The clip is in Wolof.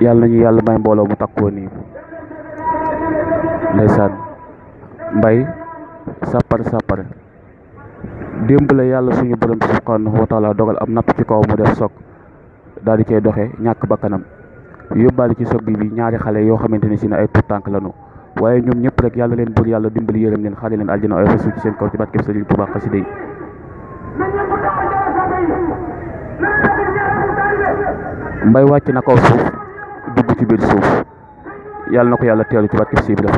yàlla nañu yàlla may mbooloo mu takkoo nii ndeysaan mbay sàppare sàppare démb la yàlla suñu borom bi subhanahu wa taala dogal am napp ci kaw mu def soog daal di cay doxe ñàkk bakkanam yóbbaale ci soog bi bi ñaari xale yoo xamante ne si ne ay tuutànk lanu waaye ñoom ñëpp rek yàlla leen buur yàlla dimbali yërëm leen xaale leen na ay fasu ci seen kaw ci barkeb Sëriñ Tuubaa mbay wàcc na kaw suuf dugg ci biir suuf yàlla na ko yàlla teelu ci barkeb Sëñ Ibra